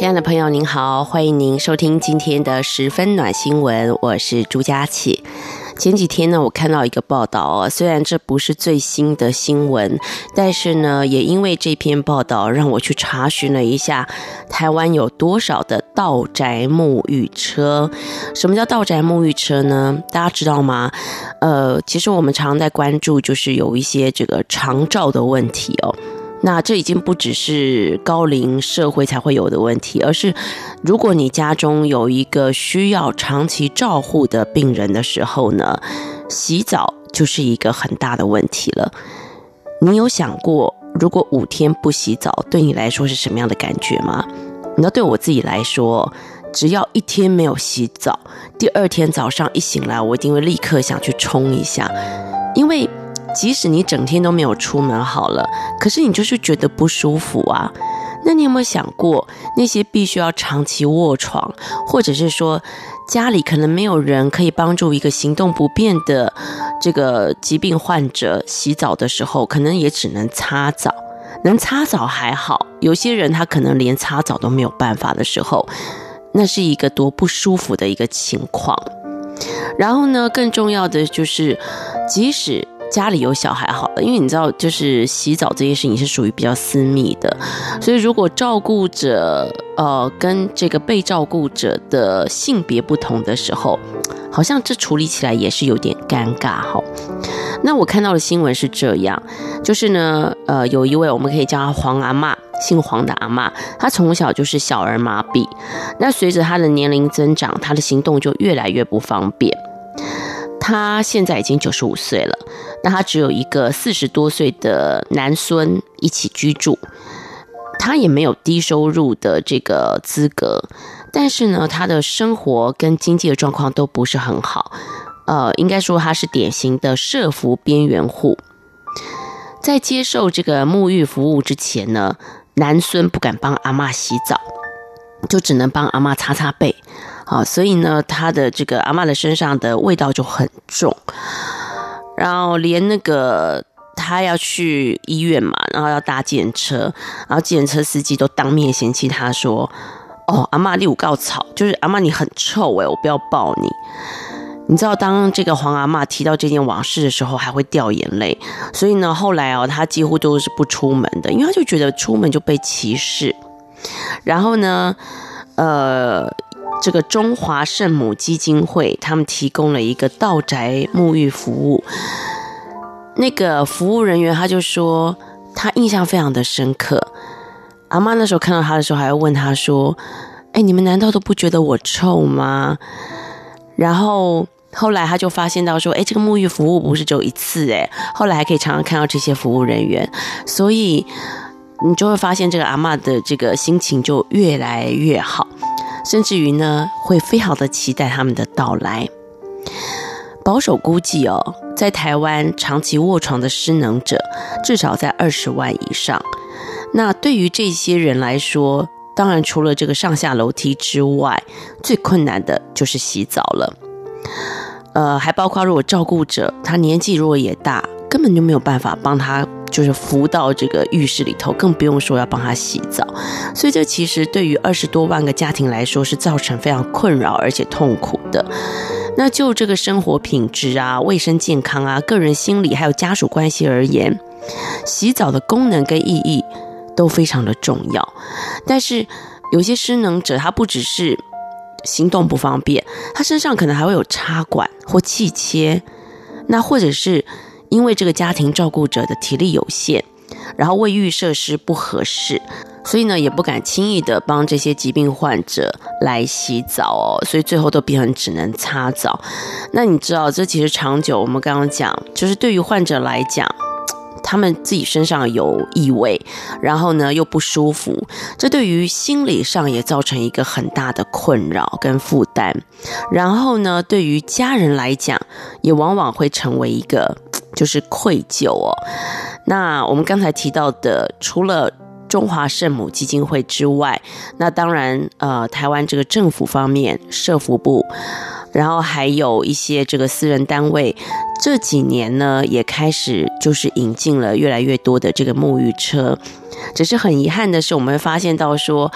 親愛的朋友，您好，歡迎您收聽今天的十分暖心聞，我是朱佳琪。前幾天呢，我看到一個報道，哦，雖然這不是最新的新聞，但是呢，也因為這篇報道讓我去查詢了一下台灣有多少的到宅沐浴車。什麼叫到宅沐浴車呢？大家知道嗎？呃，其實我們常常在關注，就是有一些這個長照的問題哦。那這已經不只是高齡社會才會有的問題，而是如果你家中有一個需要長期照護的病人的時候呢，洗澡就是一個很大的問題了。你有想過，如果五天不洗澡，對你來說是什麼樣的感覺嗎？那對我自己來說，只要一天沒有洗澡，第二天早上一醒來，我一定會立刻想去沖一下，因為。即使你整天都沒有出門好了，可是你就是覺得不舒服啊。那你有沒有想過，那些必須要長期臥床，或者是說家裡可能沒有人可以幫助一個行動不便的這個疾病患者洗澡的時候，可能也只能擦澡。能擦澡還好，有些人他可能連擦澡都沒有辦法的時候，那是一個多不舒服的一個情況。然後呢，更重要的就是，即使家裡有小孩好了，因為你知道，就是洗澡這件事情是屬於比較私密的，所以如果照顧者呃跟這個被照顧者的性別不同的時候，好像這處理起來也是有點尷尬哈、哦。那我看到的新聞是這樣，就是呢，呃，有一位我們可以叫他黃阿嬤，姓黃的阿嬤，他從小就是小兒麻痹，那隨着他的年齡增長，他的行動就越來越不方便，他現在已經九十五歲了。那他只有一個四十多歲的男孫一起居住，他也沒有低收入的這個資格，但是呢，他的生活跟經濟的狀況都不是很好，呃，應該說他是典型的社福邊緣戶。在接受這個沐浴服務之前呢，男孫不敢幫阿嬤洗澡，就只能幫阿嬤擦擦背，啊，所以呢，他的這個阿嬤的身上的味道就很重。然後連那個他要去醫院嘛，然後要搭計程車，然後計程車司機都當面嫌棄他說：“哦，阿媽六五告草，就是阿媽你很臭哎，我不要抱你。”你知道，當這個皇阿嬤提到這件往事的時候，還會掉眼淚。所以呢，後來哦，他幾乎都是不出門的，因為他就覺得出門就被歧視。然後呢，呃。這個中華聖母基金會，他們提供了一個到宅沐浴服務。那個服務人員他就說，他印象非常的深刻。阿嬤那時候看到他的時候，還會問他說：“哎，你們難道都不覺得我臭嗎？”然後後來他就發現到說：“哎，這個沐浴服務不是只有一次，哎，後來還可以常常看到這些服務人員，所以你就會發現這個阿嬤的這個心情就越來越好。”甚至於呢，會非常的期待他們的到來。保守估計哦，在台灣長期臥床的失能者至少在二十萬以上。那對於這些人來說，當然除了這個上下樓梯之外，最困難的就是洗澡了。呃，還包括如果照顧者他年紀如果也大，根本就沒有辦法幫他。就是扶到這個浴室裡頭，更不用說要幫他洗澡。所以這其實對於二十多萬個家庭來說，是造成非常困擾而且痛苦的。那就這個生活品質啊、衛生健康啊、個人心理還有家屬關係而言，洗澡的功能跟意義都非常的重要。但是有些失能者，他不只是行動不方便，他身上可能還會有插管或氣切，那或者是。因為這個家庭照顧者的體力有限，然後衛浴設施不合適，所以呢也不敢輕易的幫這些疾病患者來洗澡哦，所以最後都變成只能擦澡。那你知道，這其實長久，我們剛剛講，就是對於患者來講。他們自己身上有異味，然後呢又不舒服，這對於心理上也造成一個很大的困擾跟負擔。然後呢，對於家人來講，也往往會成為一個就是愧疚哦。那我們剛才提到的，除了中華聖母基金會之外，那當然呃，台灣這個政府方面，社福部。然後還有一些這個私人單位，這幾年呢也開始就是引進了越來越多的這個沐浴車，只是很遺憾的是，我們會發現到說，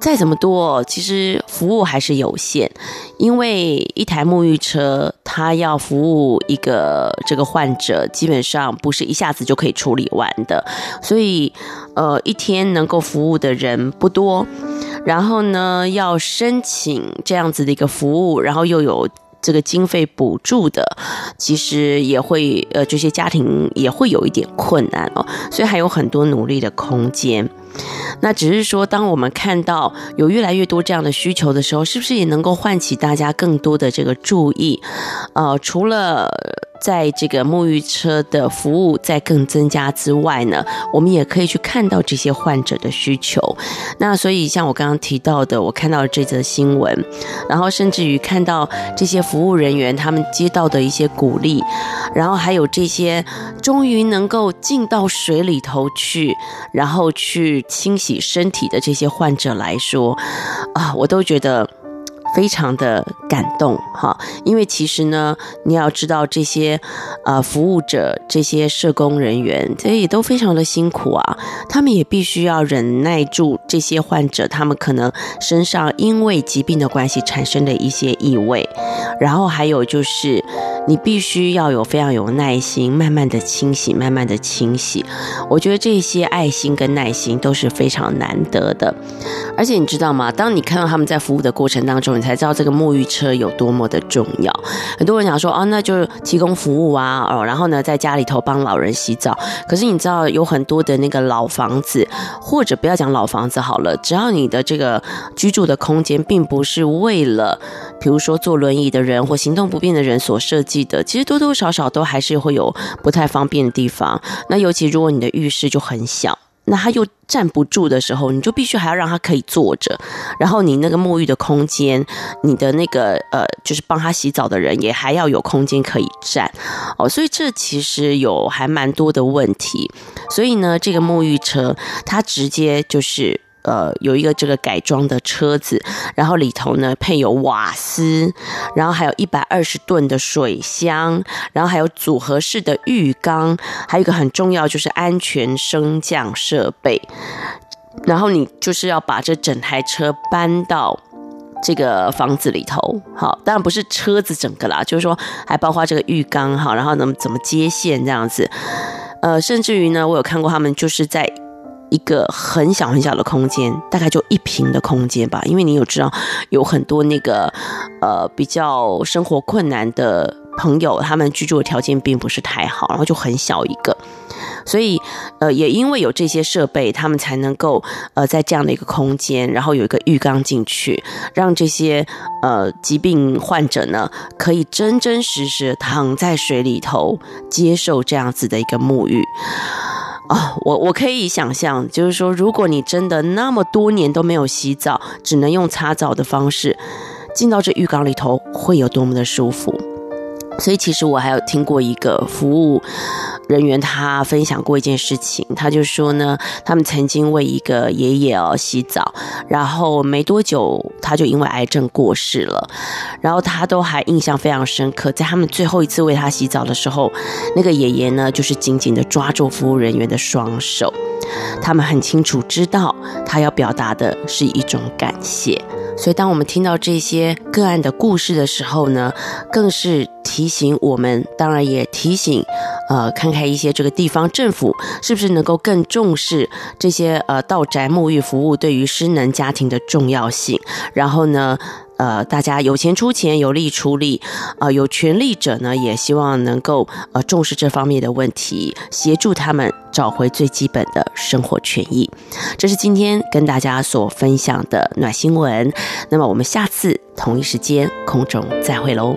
再怎麼多，其實服務還是有限，因為一台沐浴車它要服務一個這個患者，基本上不是一下子就可以處理完的，所以呃一天能夠服務的人不多。然後呢，要申請這樣子的一個服務，然後又有這個經費補助的，其實也會呃，這些家庭也會有一點困難哦，所以還有很多努力的空間。那只是說，當我們看到有越來越多這樣的需求的時候，是不是也能夠喚起大家更多的這個注意？呃，除了。在這個沐浴車的服務在更增加之外呢，我們也可以去看到這些患者的需求。那所以像我剛剛提到的，我看到這則新聞，然後甚至於看到這些服務人員他們接到的一些鼓勵，然後還有這些終於能夠進到水裡頭去，然後去清洗身體的這些患者來說，啊，我都覺得。非常的感動哈，因為其實呢，你要知道這些，呃，服務者這些社工人員，這些也都非常的辛苦啊。他們也必須要忍耐住這些患者，他們可能身上因為疾病的關係產生的一些異味，然後還有就是。你必須要有非常有耐心，慢慢的清洗，慢慢的清洗。我覺得這些愛心跟耐心都是非常難得的。而且你知道嗎？當你看到他們在服務的過程當中，你才知道這個沐浴車有多麼的重要。很多人講說：“哦，那就提供服務啊，哦，然後呢，在家裡頭幫老人洗澡。”可是你知道，有很多的那個老房子，或者不要講老房子好了，只要你的這個居住的空間，並不是為了，比如說坐輪椅的人或行動不便的人所設計。記得，其實多多少少都還是會有不太方便的地方。那尤其如果你的浴室就很小，那他又站不住的時候，你就必須還要讓他可以坐着。然後你那個沐浴的空間，你的那個呃，就是幫他洗澡的人也還要有空間可以站哦。所以這其實有還蠻多的問題。所以呢，這個沐浴車它直接就是。呃，有一個這個改裝的車子，然後裡頭呢，配有瓦斯，然後還有一百二十噸的水箱，然後還有組合式的浴缸，還有一個很重要，就是安全升降設備。然後你就是要把這整台車搬到這個房子裡頭，好，當然不是車子整個啦，就是說還包括這個浴缸哈，然後怎麼怎麼接線這樣子，呃，甚至於呢，我有看過他們就是在。一個很小很小的空間，大概就一平的空間吧，因為你有知道，有很多那個呃比較生活困難的朋友，他們居住的條件並不是太好，然後就很小一個，所以呃也因為有這些設備，他們才能夠呃在這樣的一個空間，然後有一個浴缸進去，讓這些呃疾病患者呢可以真真實實躺在水裡頭接受這樣子的一個沐浴。啊、哦，我我可以想象，就是說，如果你真的那麼多年都沒有洗澡，只能用擦澡的方式進到這浴缸裡頭，會有多麼的舒服。所以，其實我還有聽過一個服務人員，他分享過一件事情，他就說呢，他們曾經為一個爺爺哦洗澡，然後沒多久他就因為癌症過世了，然後他都還印象非常深刻，在他們最後一次為他洗澡的時候，那個爺爺呢就是緊緊的抓住服務人員的雙手，他們很清楚知道他要表達的是一種感謝。所以，當我們聽到這些個案的故事的時候呢，更是提醒我們，當然也提醒，呃，看看一些這個地方政府是不是能夠更重視這些呃到宅沐浴服務對於失能家庭的重要性。然後呢，呃，大家有錢出錢，有力出力，啊、呃，有權利者呢，也希望能夠呃重視這方面的問題，協助他們找回最基本的生活權益。這是今天跟大家所分享的暖心聞。那麼，我們下次同一時間空中再會嘍。